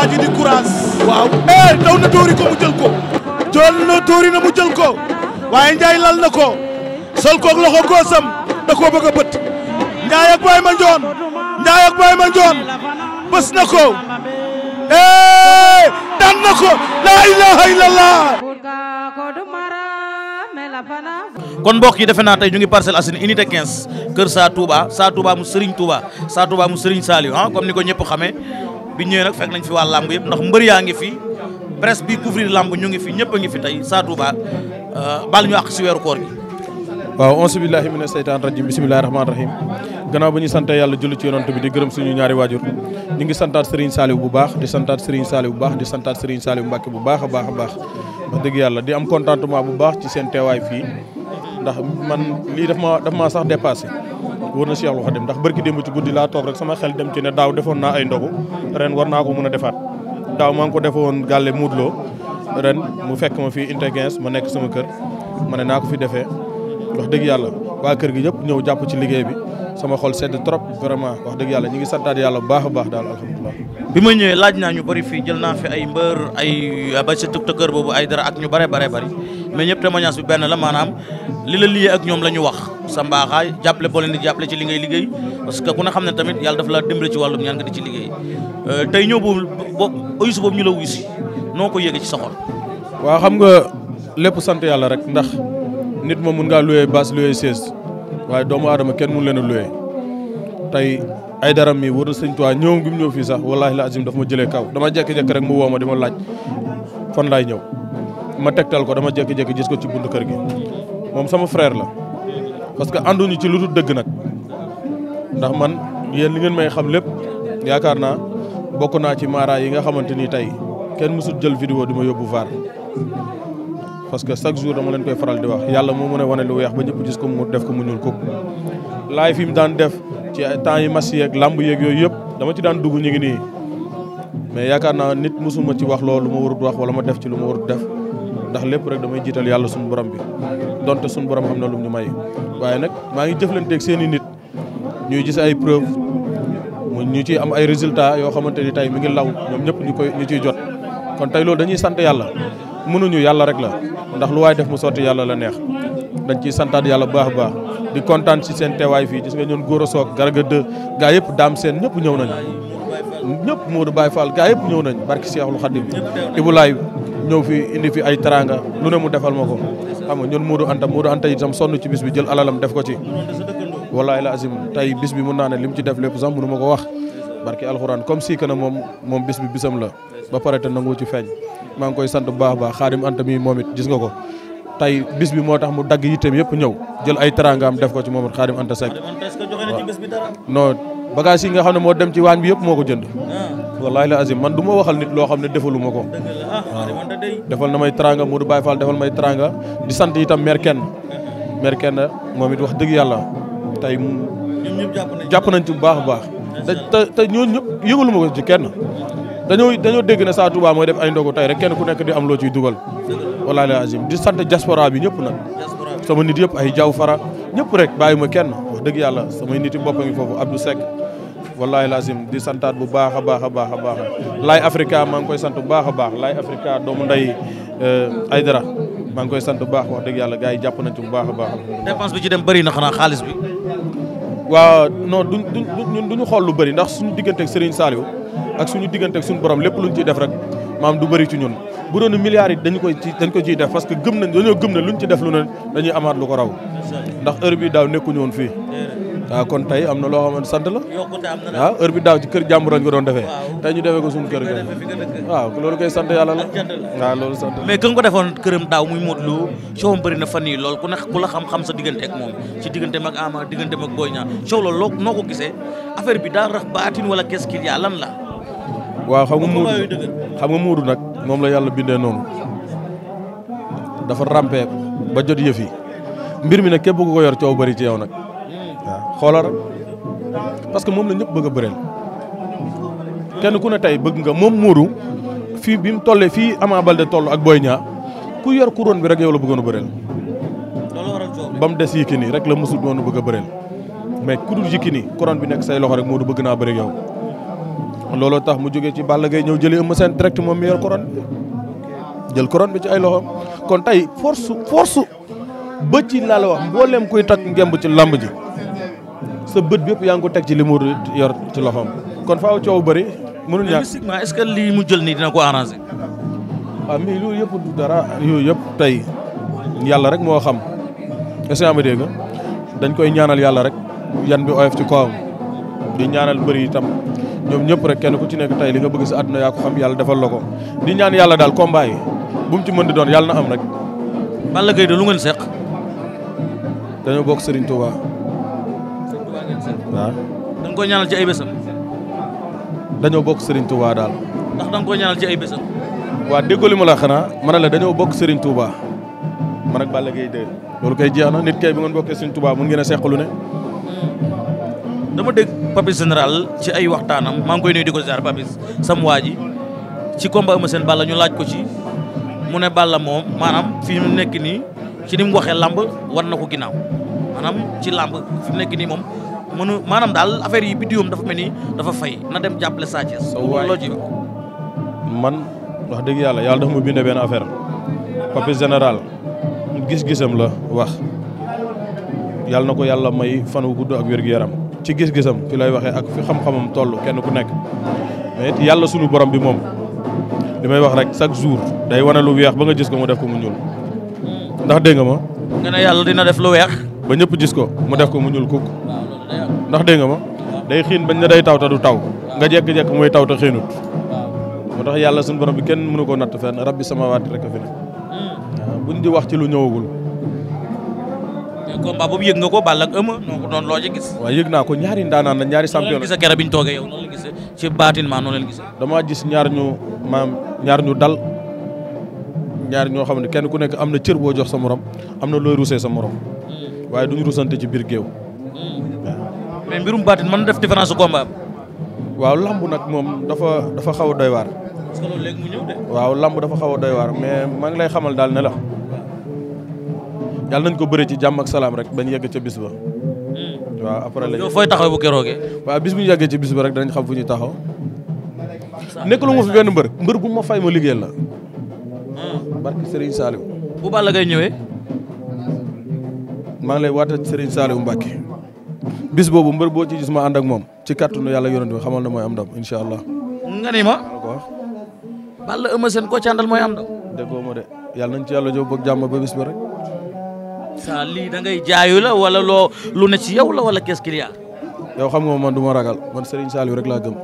waa ji di courage. waaw eh daw na tóori ko mu jël ko. jël na tóori na mu jël ko. waaye Ndiaye lal na ko. sol koog loxo góosam da koo bëgg bët. Ndiaye ak Baye Mandione. Ndiaye bës na ko. eh daan na ko. laa ilaha illallah. kon mbokk yi defe naa tey ñu ngi Parcelles Assainies unité 15 kër Saa Touba Saa Touba mu Serigne Touba Saa Touba mu Serigne Saliou ah comme ni ko ñëpp xamee. bi ñëwee nag fekk nañ fi waa làmb yëpp ndax mbër yaa ngi fi presse bi couvrir làmb ñu ngi fi ñëpp a ngi fi tey Sa Touba euh, baal ñu àq si weeru koor gi waaw ansu billahi mina seytaan rajim bisimilahi rahmaani rahim gannaaw ba ñu sante yàlla julli ci yonent bi di gërëm suñu ñaari waajur ñu ngi santaat Serigne Saliou bu baax di santaat Serigne Saliou bu baax di santaat Serigne Saliou Mbacke bu baax a baax a baax wax dëgg yàlla di am contentement bu baax ci seen teewaay fii ndax man lii daf ma daf maa sax war na si Cheikhul dem ndax barki démb ci guddi laa toog rek sama xel dem ci ne daaw defoon naa ay ndogu ren war naa ko mën a defaat daaw maa ngi ko defoon gàlle muudloo ren mu fekk ma fii intégens ma nekk sama kër ma ne naa ko fi defee wax dëgg yàlla waa kër gi yëpp ñëw jàpp ci liggéey bi sama xol sedd trop vraiment wax dëgg yàlla ñu ngi santaat yàlla bu baax a baax daal alhamdulilah. bi ma ñëwee laaj naa ñu bëri fii jël naa fi ay mbër ay ba sa tuktakër boobu ay dara ak ñu bare bare bari mais ñëpp témoignage bi benn la maanaam li la liyee ak ñoom la ñu wax sa mbaaxaay jàppale boo leen jàppale ci li ngay liggéey parce que ku ne xam ne tamit yàlla dafa la dimbale ci wàllum ñaan nga euh, tey ñëw boobu ayusu boobu ñu la wusi noo ko yéege ci sa xol waaw xam nga lépp sant yàlla rek ndax nit moom mun ngaa loué base loué siège waaye doomu aadama kenn mun leen a loué tey ay dara mi wër sëñ Tuubaa ñëw gi mu ñëw fii sax wallaahi la azim daf ma jëlee kaw dama jekki-jekki rek mu woo ma di ma laaj laay ñëw ma tegtal ko dama jekki jékki gis ko ci buntu kër gi moom sama frère la parce que ànduñu ci lu dul dëgg nag ndax man yéen li ngeen may xam lépp yaakaar naa bokk naa ci mara yi nga xamante ni tey kenn mësul jël vidéo di ma yóbbu vaar parce que chaque jour dama leen koy faral di wax yàlla moo mën a wane lu weex ba ñëpp gis ko mu def ko mu ñuul ko laay fi mu daan def ci temps yi match yeeg làmb yeeg yooyu yëpp dama ci daan dugg ñu ngi nii mais yaakaar naa nit mësuma ci wax loolu lu ma warut wala ma def ci lu ma warut def ndax lépp rek damay jiital yàlla suñu borom bi donte suñu borom xam na lu mu ñu may waaye nag maa ngi jëflanteeg seen i nit ñuy gis ay preuve mu ñu ciy am ay résultats yoo xamante ni tey mi ngi law ñoom ñëpp ñu koy ñu ciy jot kon tey loolu dañuy sant yàlla mënuñu yàlla rek la ndax lu waay def mu sotti yàlla la neex dañ ciy santaat yàlla bu baax a baax di kontaan si seen teewaay fii su nga ñun góor a soog garga dë gaa yëpp daam seen ñëpp ñëw nañu ñëpp Modou Baye Fall gaa yëpp ñëw nañ barki Seexul Xadim Ibou Laye ñëw fi indi fi ay teraanga lu ne mu defal ma ko xam nga ñun Modou Anta Modou Anta itam sonn ci bis bi jël alalam def ko ci wallahi la azim tey bis bi mun naa ne lim ci def lépp sax mënu ma ko wax barki alxuraan comme si que moom moom bis bi bisam la ba pare te nangu ci feeñ maa ngi koy sant bu baax a baax xaadim Anta mi moom it gis nga ko tey bis bi moo tax mu dagg yitteem yëpp ñëw jël ay teraangaam def ko ci Mamadou Khadim Anta Seck non bagage yi nga xam ne moo dem ci waañ bi yëpp moo ko jënd ah. wallahi man du ma waxal nit loo xam ne defalu ma ko ah, na may teraanga Modou Baye Fall defal may teraanga di sant itam maire kenn kenn moom it wax dëgg yàlla tey jàpp nañ ci bu baax a baax te te ñooñu ñëpp yëgalu ma ko ci kenn dañoo dañoo dégg ne saa Touba mooy def ay ndogu tey rek kenn ku nekk di am loo ciy dugal wallaahi la azim di sant diaspora bi ñëpp nag sama nit yëpp ay jaw fara ñëpp rek bàyyi ma kenn wax dëgg yàlla samay nit yi bopp a ngi foofu Abdou Seck wallaahi la di santaat bu baax a baax a baax a baax Laye maa ngi koy sant bu baax a baax Laye Africa doomu ay eh, dara maa ngi koy sant bu baax wax dëgg yàlla gars yi jàpp nañ ci bu baax a baax dépense bi ci dem bëri na xanaa xaalis bi waaw non duñ duñ duñu xool lu bari ndax suñu diggante ak Serigne ak suñu diggante suñu borom lépp luñ ciy def rek maam du bëri ci ñun bu doon milliards yi dañu koy ci def parce que gëm nañ dañoo gëm ne luñ ci def lu ne dañuy amaat lu ko raw ndax heure bi daaw nekkuñu woon fii waaw kon tey am na loo xamante sant la waaw heure bi daaw ci kër jàmbur lañ ko doon defee tey ñu defee ko suñu kër ga waaw loolu koy sant yàlla la waaw loolu sant mais gën ko defoon këram daaw muy Modou Lo coow bëri na fan yi lool ku ne ku la xam-xam sa diggante ak moom ci diggante mag Ama diggante mag Boy Niang loo noo ko gisee affaire bi daal rax baatin wala qu'est-ce lan la waaw xam nga muudu xam nga muuru nag moom la yàlla bindee noonu dafa rampé ba jot yëf yi mbir mi nag képp ku ko yor coow bari ci yow nag waaw xoolal parce que moom la ñëpp bëgg a bëreel kenn ku ne tey bëgg nga moom muuru fii bi mu tollee fii Ama Baldé toll ak Boy Niang ku yor couronne bi rek yow la bëggoon a bëreel ba mu des Yékini rek la mësul doon bëgg a bëreel mais ku dul Yékini couronne bi nekk say loxo rek Modou bëgg naa bëri yow looloo tax mu jógee ci Balla Gaye ñëw jëli Eumeu Sène direct moom mi yor couronne jël couronne bi ci ay loxoom kon tey force force ba ci laa la wax mboolem kuy takk ngemb ci làmb ji sa bët bi yëpp yaa ngi ko teg ci li mu yor ci loxoom kon faaw coow bëri mënul ñàkk mais ce que lii mu jël nii dina ko arrangé. am ah, mais loolu yëpp dara yooyu yëpp tey yàlla rek moo xam est-ce que yaa dañ koy ñaanal yàlla rek yan bi oyof ci kawam di ñaanal bëri tam ñoom ñëpp rek kenn ku ci nekk tey li nga bëgg sa àdduna yaa ko xam yàlla defal la ko di ñaan yàlla daal combat bu mu ci mën di doon yàlla na am rek. Balla Gaye de lu ngeen seq. dañoo bokk Serigne Touba. waaw. da nga ñaanal ci ay bésam. dañoo bokk sëriñ Touba daal. ndax da nga koy ñaanal ci ay bésam. waa déggoo li ma la xanaa ma ne la dañoo bokk Serigne tuubaa man ak Balla Gaye de loolu kay jeex na nit kay bi ngeen bokkee Serigne Touba mun ngeen a seq lu ne. Hmm. dama dégg Papis général ci ay waxtaanam maa ngi koy nuyu di ko ziar Papis sam waa ji ci combat Eumeu Sène Balla laaj ko ci mu ne Balla moom maanaam fi mu nekk nii ci ni mu waxee làmb war na ko ginnaaw maanaam ci làmb fi mu nekk nii moom mënu maanaam daal affaire yi biddiwam dafa mel ni dafa fay na dem jàppale Sa Thiès. loo ji man wax dëgg yàlla yàlla dafa ma bindee benn affaire Papis général gis-gisam la wax yàlla na ko yàlla may fan wu gudd ak wér yaram ci gis-gisam fi lay waxee ak fi xam-xamam toll kenn ku nekk mais it yàlla sunu borom bi moom li may wax rek chaque jour day wane lu weex ba nga gis ko mu def ko mu ñuul ndax dégg nga ma. yàlla dina def lu weex. ba ñëpp gis ko mu def ko mu ñuul kukk ndax dégg nga ma day xiin bañ ne day taw te du taw nga jekk-jekk mooy taw te xiinut moo tax yàlla sunu borom bi kenn mënu koo natt fenn rabbi samaawaati rek a fi ne hmm. buñ di wax ci lu ñëwagul. combat boobu yëg nga ko Balla ak Eumeu noo ko doon gis waaw yëg naa ko ñaari ndaanaan la ñaari champion gis kera bi ñu toogee yow ci baatin maa noonu leen gis ñaar ñu maam ñaar ñu dal ñaar ñoo xam ne kenn ku nekk am na cër boo jox sa moroom am na looy rusee sa morom hmm. waaye duñu rusante ci biir géew hmm. waaw mais mbirum baatin mën na def différence combat waaw lamb nag moom dafa dafa xaw a doy waaw lamb dafa xawa a doy waar mais maa ngi lay xamal daal ne la yàlla nañ ko bëre ci jàmm ak salaam rek dañ yegg ca bis ba. Hmm. waaw après la fooy taxaw bu keroogee. waaw bis bu ñu yeggee ci bis ba rek danañ xam fu ñu taxaw. nekk lu ma fi benn mbër mbër bu ma fay ma liggéey la. Hmm. barke Serigne Saliou. bu Balla Gaye ñëwee. maa ngi lay waatal Serigne Saliou Mbacke. bis boobu mbër boo ci gis ma ànd ak moom ci kàttanu yàlla yonent bi xamal na mooy am ndam incha allah. nga ni ma. Balla Eumeu Sène koo ci àndal mooy am ndam. déggoo ma de yàlla nañ ci yàlla jóg jàmm ba saa lii da ngay jaayu la wala loo lu ne si yow la wala qu'est-ce yow xam nga man du ma ragal man Serigne Saliou rek laa gëm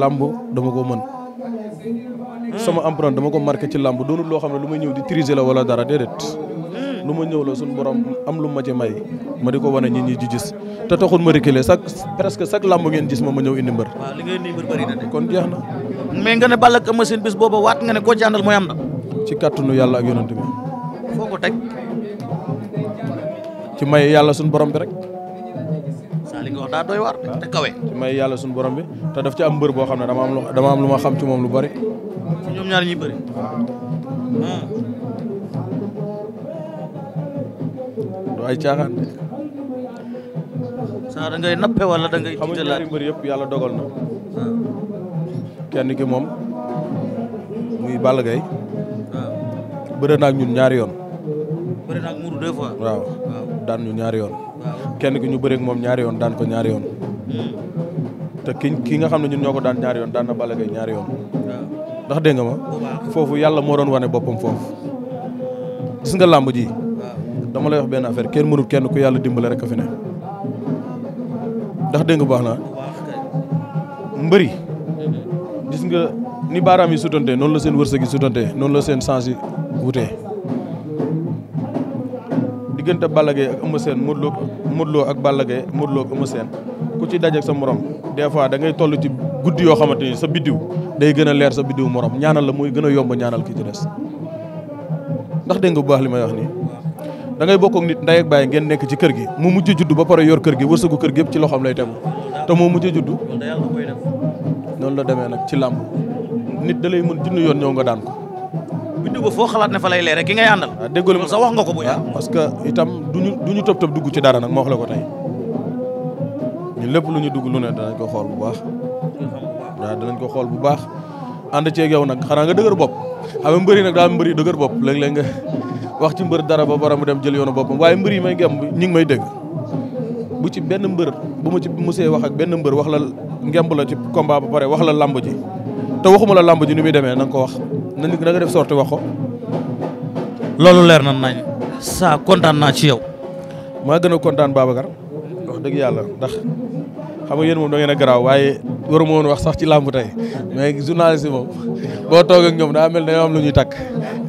lamb dama ko mën. sama empreinte dama ko marqué ci lamb doonul loo xam ne lu may ñëw di triser la wala dara déedéet. Hmm. lu ma ñëw la suñu borom am lu ma ci may ma di ko wane nit ñi di gis te taxul ma reculer chaque presque chaque lamb ngeen gis ma ma ñëw indi mbër. li ngay indi mbër bëri na de. kon jeex na. mais nga ne Balla ak machine bis booba waat nga ne koo jàndal mooy am na. ci kàttanu yàlla ak yonent bi. ci may yàlla suñu borom bi rek. saa li nga wax daa doy waar te kawe. ci may yàlla suñu borom bi te daf ci am mbër boo xam ne dama am lu dama am lu ma xam ci moom lu bari. ñaar ñuy bëri. Ah. du ay caaxaan de. saa yëpp yàlla dogal na. Ah. kenn ki moom muy Balla Gaye. Ah. bëri na ak ñun ñaari yoon. waaw. daan ñu ñaari yoon. kenn ki ñu bëreeg moom ñaari yoon daan ko ñaari yoon. te kii ki nga xam ne ñun ñoo ko daan ñaari yoon daan na Balla Gaye ñaari yoon. ndax dégg nga ma. foofu yàlla moo doon wane boppam foofu. gis nga làmb ji. dama lay wax benn affaire kenn mënul kenn ku yàlla dimbale rek a fi ne. ndax dégg nga baax naa. mbëri. gis nga ni baaraam yi sutante noonu la seen wërsëg yi sutante noonu la seen sens yi wutee. diggante Balla Gaye ak Eumeu Sène Modou mutloo ak Balla Gaye Modou Lo ak ku ci dajeeg sa morom des fois da ngay toll ci guddi yoo xamante ni sa biddiw day gën a leer sa biddiw morom ñaanal la muy gën a yomb ñaanal ki ci des ndax dégg nga bu baax li may wax nii da ngay bokk ak nit ndey bàyyi ngeen nekk ci kër gi mu mujj judd ba pare yor kër gi wërsëgu kër gi yëpp ci loxoom lay tegu te moo mujj judd noonu la demee nag ci làmb nit da lay mën junni yoon ñëw nga daan ko bindu ko foo xalaat ne fa lay leere ki ngay àndal. waaw ah, déglu ma sax wax nga ko bu yaa ah, parce que itam duñu ñu tëb tëb dugg ci dara nag ma wax la ko tey ñun lépp lu ñu dugg lu ne nañ ko xool bu baax. waaw nañ ko xool bu baax ànd ceeg yow nag xanaa nga dëgër bopp xam nga mbëri nag daal mbëri dëgër bopp léeg-léeg nga wax ci mbër dara ba mu dem jël yoonu boppam waaye mbër yi may gem ñi ngi may dégg bu ci benn mbër bu ma ci musee wax ak benn mbër wax la ngemb la ci combat ba pare wax la lamb ji te waxuma la lamb ji ni muy demee na ko wax na nga def sorti wax ko. loolu na nañ saa kontaan naa ci yow. maa gën a kontaan Babacar wax dëgg yàlla ndax xam nga yéen moom da ngeen a garaaw waaye waruma woon wax sax ci làmb tey mais journaliste yi moom boo toogee ak ñoom daa mel ne am lu ñuy takk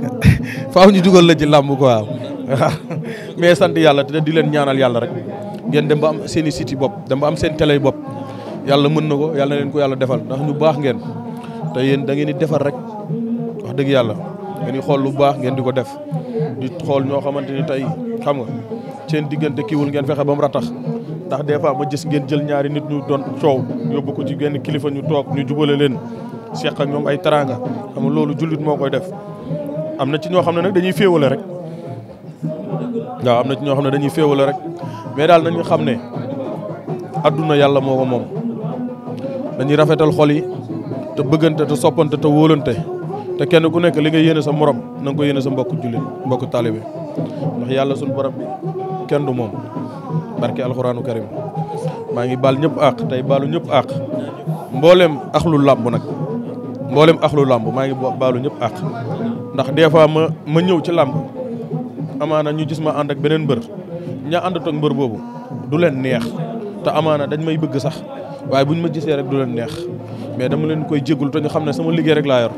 faaw ñu dugal la ji làmb ko waaw mais sant yàlla te di leen ñaanal yàlla rek ngeen dem ba am seen i site bopp dem ba am seen télé bopp yàlla mën na ko yàlla na leen ko yàlla defal ndax ñu baax ngeen te yéen da rek. wax yàlla ngeen xool lu baax ngeen di ko def xool ñoo xamante ni tey xam nga seen diggante kiiwul ngeen fexe ba mu ratax ndax des fois ma gis ngeen jël ñaari nit ñu doon coow yóbbu ko ci genn ñu toog ñu jubale leen seq ak ñoom ay teraanga xam nga loolu jullit moo koy def am na ci ñoo xam ne nag dañuy féewale rek waaw am na ci ñoo xam ne dañuy féewale rek mais daal nañu xam ne adduna yàlla moo ko moom dañuy rafetal xol yi te bëggante te soppante te wóolante te kenn ku nekk li nga yéene sa morom na nga sa mbokku jullit mbokku taalibe ndax yàlla suñu borom bi kenn du moom barke alxuraanu karim maa ngi baal ñëpp àq tey baalu ñëpp àq mboolem axlu làmb nag mboolem axlu làmb maa ngi baalu ñëpp àq ndax des fois ma ma ñëw ci làmb amaana ñu gis ma ànd ak beneen mbër ñaa àndat ak mbër boobu du leen neex te amaana dañ may bëgg sax waaye bu ñu ma gisee rek du leen neex mais dama leen koy jégalu te ñu xam ne sama liggéey rek laa yor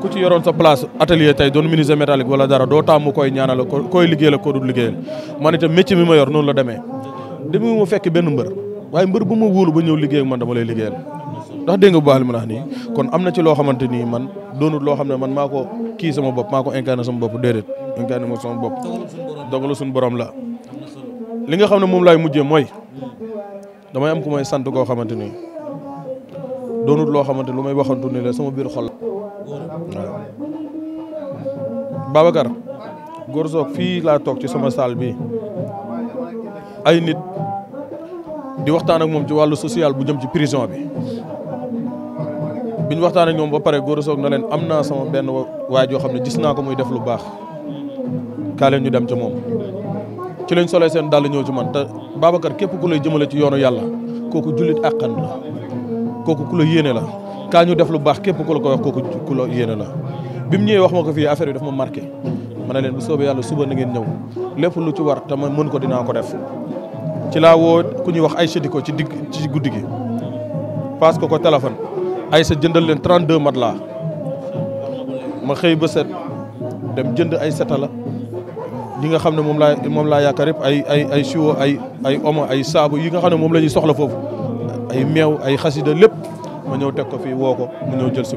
ku ci yoroon sa place atelier tey doon menuisier métallique wala dara doo tàmm koy ñaanal ko koy liggéey la ko dul liggéeyal man itam métier mi yor noonu la demee demu ma fekk mbër waaye mbër bu ma wóolu ba ñëw liggéey ak man dama lay liggéeyal ndax dégg nga bu baax li ma wax nii kon am na ci loo xamante nii man doonul loo xam ne man maa ko kii sama bopp maa ko incarné sama bopp déedéet incarné ma sama bopp dogalu suñu borom la li nga xam ne moom laay mujjee mooy damay am ku may sant koo xamante ni doonut loo xamante lu may waxantu ni la sama biir xol waaw Babacar Gor fii laa toog ci sama salle bi ay nit di waxtaan ak moom ci wàllu social bu jëm ci prison bi biñ waxtaan ak ñoom ba pare Gor Sock na leen am naa sama benn waay joo xam ne gis naa ko muy def lu baax kaa leen ñu dem ca moom ci lañ solee seen dàll ñëw ci man te Babacar képp ku lay jëmale ci yoonu yàlla kooku jullit àqan la kooku ku la yéene la kaa ñu def lu baax képp ku la ko wax kooku ku loo yéene la bi mu ñëwee wax ma ko fii affaire bi daf ma marqué ma ne leen bu soobee yàlla suba na ngeen ñëw lépp lu ci war te man mën ko dinaa ko def ci laa woo ku ñuy wax ay di ko ci digg ci guddi gi parce que ko téléphone Aïcha jëndal leen 32 matelas ma xëy ba set dem jënd ay seta satala li nga xam ne moom laa moom laa yaakaar yëpp ay ay ay siwo ay ay omo ay saabu yi nga xam ne moom la ñuy soxla foofu ay meew ay xasida lépp ma ñëw teg ko fii woo ko mu ñëw jël si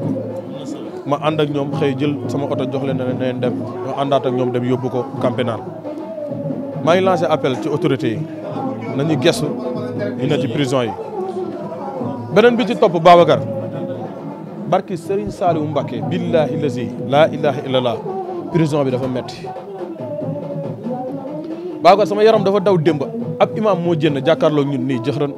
ma ànd ak ñoom xëy jël sama oto jox leen ne leen dem ma àndaat ak ñoom dem yóbbu ko campanar maa ngi lancé appel ci autorité yi nañu gestu ñu ci prison yi beneen bi ci topp Babacar barki Serigne Saliou Mbacké billahi lazi laa ilaha illallah prison bi dafa metti Babacar sama yaram dafa daw démba ab imaam moo jënd jàkkaarloo ñun nii jëxran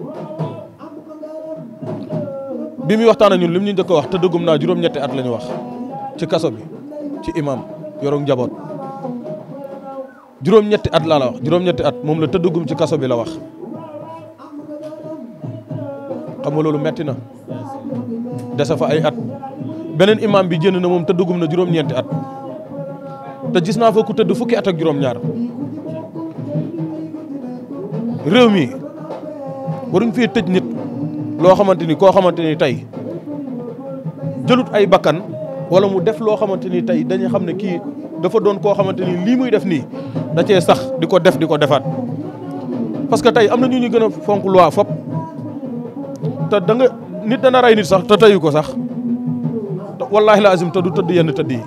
bi muy waxtaan ak ñun lim ñu njëkk a wax te dëggum naa juróom-ñetti at la ñu wax ci kaso bi ci imaam yorog njaboot juróom-ñetti at laa la wax juróom-ñetti at moom la tëddugum ci kaso bi la wax xam nga loolu metti na dese fa ay at beneen imaam bi jënd na moom tëddugum na juróom-ñeenti at te gis naa fa ku tëdd fukki at ak juróom-ñaar réew mi waruñ fee tëj nit loo xamante ni koo xamante ni tey jëlut ay bakkan wala mu def loo xamante ni tey dañu xam ne kii dafa doon koo xamante ni lii muy def nii da cee sax di ko def di ko defaat. parce que tey am na ñu ñu gën a fonk loi fop te da nga nit dana rey nit sax te teyu ko sax wallaahi la azim te du tëdd yenn tëdd yi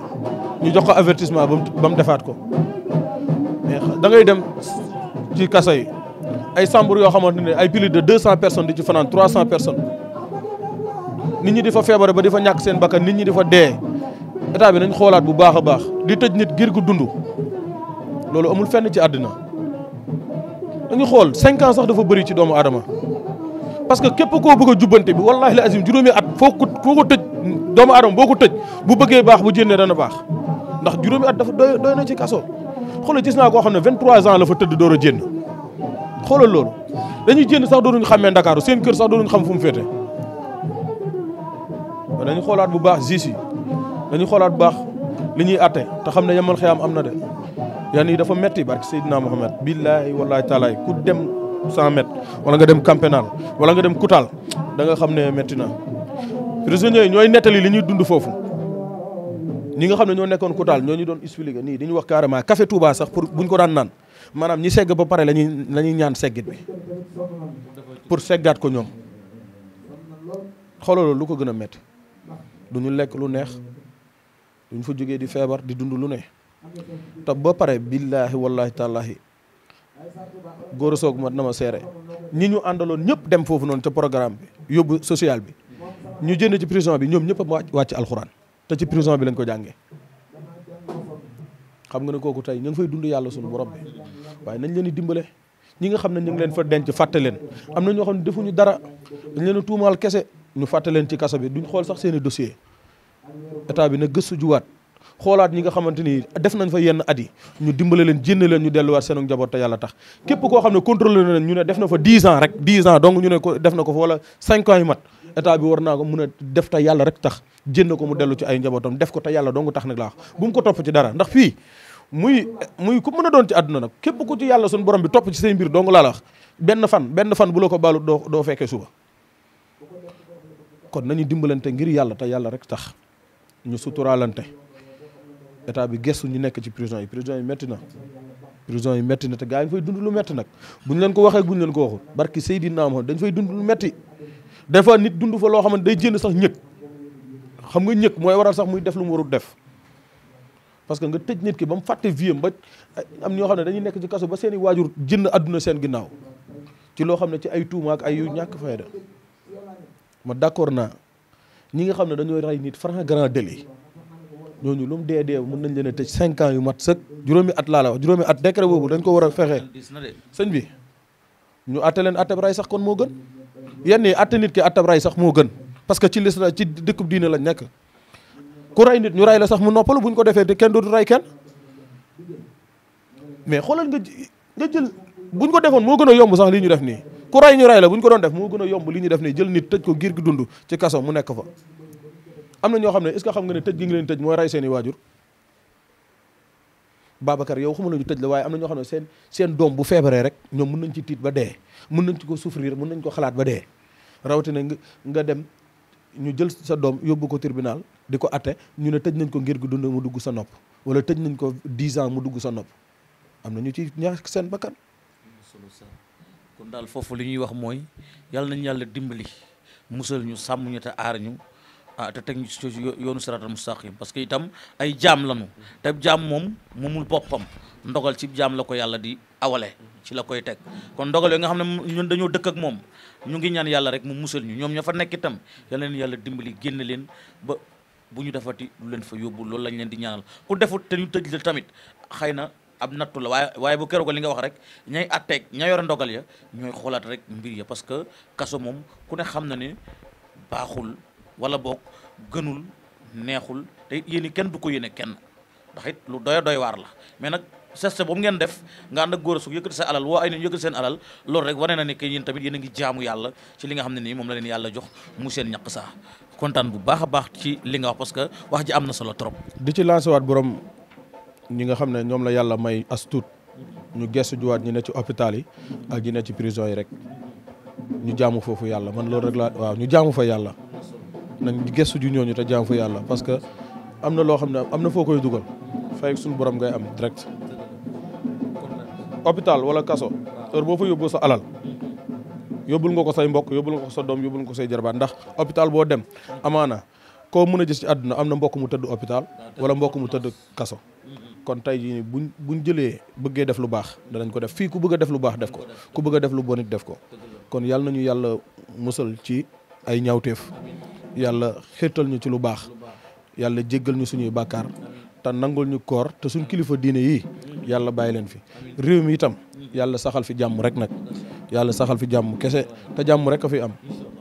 ñu jox ko avertissement ba mu defaat ko mais da ngay dem ci kaso yi ay chambre yoo xamante ne ay plus de deux cent personnes di ci fanaan trois cent personnes nit ñi di fa feebare ba di fa ñàkk seen bakka nit ñi di fa dee état bi nañ xoolaat bu baax a baax di tëj nit giir gu dund loolu amul fenn ci àddina dañu xool cinq ans sax dafa bëri ci doomu aadama parce que képp koo bëgg a jubbante bi wallahi la azim juróomi at foo ko foo ko tëj doomu aadama boo ko tëj bu bëggee baax bu jénnee a baax ndax juróomi at dafa doy doy na ci kaso xoolal gis naa koo xam ne vingt-trois la fa tëdd door a jénn xoolal loolu dañuy jënd sax doonuñu xamee Ndakaaru seen kër sax doonuñu xam fu mu féete dañu xoolaat bu baax justice dañuy xoolaat bu baax li ñuy atte te xam ne yamal xiyaam am na de yan yi dafa metti barke Seydina Mohamed billaahi wallaahi taalaay ku dem 100 mètres wala nga dem camp pénal wala nga dem Koutal da nga xam ne metti na prisonniers ñooy nettali li ñuy dund foofu ñi nga xam ne ñoo nekkoon Koutal ñoo ñu doon expliqué nii dañu wax carrément café Touba sax pour buñ ko daan naan maanaam ñi segg ba pare lañuy la ñaan seggit bi pour seggaat ko ñoom xoolal lu ko gën a metti du ñu lekk lu neex duñ fa jógee di feebar di dund lu ne te ba pare billaahi wallaahi tàllaahi góor soog ma na ma seere ñi ñu àndaloon ñëpp dem foofu noonu ca programme bi yóbbu social bi ñu jënd ci prison bi ñoom ñëpp wàcc alxuraan te ci prison bi lañ ko jàngee xam nga ne kooku tey ñu ngi fay dund yàlla sunu borom bi waaye nañ leen di dimbale ñi nga xam ne ñu ngi leen fa denc fàtte leen am na ñoo xam ne defuñu dara dañ leen a tuumaal kese ñu fàtte leen ci kaso bi ñu xool sax seeni i dossier état bi na gëstu juwaat xoolaat ñi nga xamante ni def nañ fa yenn at yi ñu dimbale leen jénne leen ñu delluwaat seen njaboot te tax képp koo xam ne contrôlé na ñu ne def na fa 10 ans rek 10 ans donc ñu ne ko def na ko fa wala 5 ans yu mat état war naa ko mun a def te yàlla rek tax jën ko mu dellu ci ay njabootam def ko te yàlla dong tax nag laa bu mu ko topp ci dara ndax fii muy muy ku mën a doon ci àdduna nag képp ko ci yàlla suñu borom bi topp ci say mbir dong laa la benn fan benn fan bu la ko baalu doo doo fekkee suba kon nañu dimbalante ngir yàlla te yàlla rek tax ñu suturaalante état bi gestu ñu nekk ci prison yi prison yi metti na prison yi metti na te gaa yi fay dund lu métti nag bu buñ leen ko waxee buñ leen ko waxul barki Seydina Muhammad dañ fay dund lu métti des fois nit dund fa loo xamante day jénn sax ñëkk xam nga ñëkk mooy waral sax muy def lu mu warul def parce que nga tëj nit ki ba mu fàtte vie ba am ñoo xam ne dañuy nekk ci kaso ba seeni waajur jën àdduna seen ginnaaw ci loo xam ne ci ay tuuma ak ay ñàkk fayda ma d'accord naa ñi nga xam ne dañooy rey nit franc grand délai ñooñu lu mu dee dee mën nañ leen a tëj cinq ans yu mat sëkk juróomi at laa la wax juróomi at décret boobu dañ ko war a fexe sëñ bi ñu atte leen attab ray sax kon moo gën yenn yi atte nit ki attab ray sax moo gën parce que ci lis ci dëkkub diine lañ nekk ku rey nit ñu rey la sax mu noppalu buñ ko defee te kenn dootu rey kenn mais xoolal nga nga jël buñ ko defoon moo gën a yomb sax lii ñu def nii ku rey ñu rey la buñ ko doon def moo gën a yomb li ñu def nii jël nit tëj ko giir gi dund ci kaso mu nekk fa am na ñoo xam ne est xam nga ne tëj gi ngi leen tëj mooy rey seen i waajur Babacar yow xamul ñu tëj la waaye am na ñoo xam ne seen seen doom bu feebaree rek ñoom mun nañ ci tiit ba dee mun nañ ci ko souffrir mën nañ ko xalaat ba dee rawatina nga nga dem ñu jël sa doom yóbbu ko tribunal di ko atte ñu ne tëj nañ ko ngir gu dund mu dugg sa nopp wala tëj nañ ko 10 ans mu dugg sa nopp am na ñu ci ñaax seen bakkan kon daal foofu li ñuy wax mooy yàlla nañ yàlla dimbali musal ñu sàmm ñu te aar ñu ah te teg yoonu ci mu siraatal mustaqim parce que itam ay jaam lañu te jaam moom moomul boppam ndogal ci jaam la ko yàlla di awale ci la koy teg kon ndogal yi nga xam ne ñun dañoo dëkk ak moom ñu ngi ñaan yàlla rek mu musal ñu ñoom ña fa nekk itam yàlla dimbali génn leen bu ñu defati lu leen fa yóbbu loolu lañ leen di ñaanal ku defut te ñu tëj la tamit xëy na ab nattu la waaye waaye bu keroog li nga wax rek ñay atteeg ña yore ndogal ya ñooy xoolaat rek mbir ya parce que kaso moom ku ne xam na ne baaxul wala boog gënul neexul te it yéen kenn du ko yéene kenn ndax it lu doy doy waar la mais nag seste boobu ngeen def nga ànd ak góor a suug yëkkati seen alal woo ay nañ yëkkati seen alal loolu rek wane na ne que yéen tamit ngi jaamu yàlla ci li nga xam ne nii moom la leen yàlla jox mu seen ñaq saa kontaan bu baax a baax ci li nga wax parce que wax ji am na solo trop. di ci lancé waat borom ñi nga xam ne ñoom la yàlla may as tuut ñu gestu juwaat ñu ne ci hôpital yi ak ñi ne ci prison yi rek ñu jaamu foofu yàlla man loolu rek laa waaw ñu jaamu fa yàlla nañ gestu ju ñooñu te jaamu fa yàlla parce que am na loo xam ne am na foo koy dugal fay suñu borom ngay am direct hôpital wala kaso heure boo fa yóbboo sa alal. yóbbul nga ko say mbokk yóbbul nga ko sa doom yóbbul nga ko say jarbaat ndax hôpital boo dem amaana koo mën a gis ci àdduna am na mbokk mu tëdd hôpital wala mbokk mu tëdd kaso kon tey jii buñ buñ jëlee bëggee def lu baax danañ ko def fii ku bëgg a def lu baax def ko ku bëgg def lu bon it def ko kon yàlla ñu yàlla musal ci ay ñaawteef yàlla xéttal ñu ci lu baax yàlla jéggal ñu suñuy bàkkaar te nangul ñu koor te suñ kilifa diine yi yàlla bàyyi leen fi réew mi itam yàlla saxal fi jàmm rek nag yàlla saxal fi jàmm kese te jàmm rek a fi am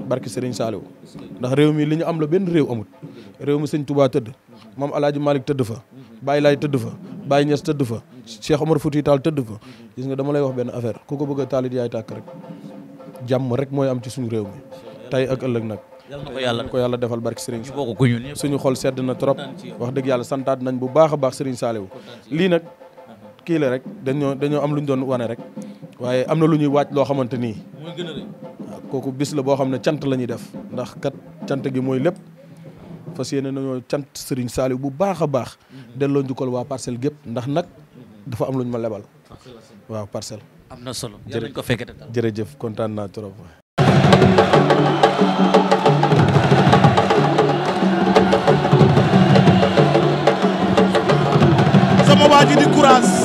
barki Serigne Saliou ndax réew mi li ñu am la benn réew amut réew mi sëñ Touba tëdd moom Alaaji Malick tëdd fa bàyyi Laay tëdd fa Baye Niass tëdd fa Cheikh Omar Fouti Tall tëdd fa gis nga dama lay wax benn affaire ku ko bëgg a taalit yaay tàkk rek jàmm rek mooy am ci suñu réew mi tey ak ëllëg nag yàlla na ko yàlla defal barki Serigne suñu xol sedd na trop wax dëgg yàlla santaat nañ bu baax a baax Serigne Saliou kii la rek dañoo dañoo am lu ñu doon wane rek waaye am na lu ñuy waaj loo xamante nii kooku bis la boo xam ne cant la ñuy def ndax kat cant gi mooy lépp fas yéene nañoo cant Serigne Saliou bu baax a baax mhm. delloo njukkal waa parcelle gépp ndax nag mhm. dafa am lu ñu ma lebal waaw parcelle am na solo yàlla ko fekkee jërëjëf kontaan naa trop sama waa di courage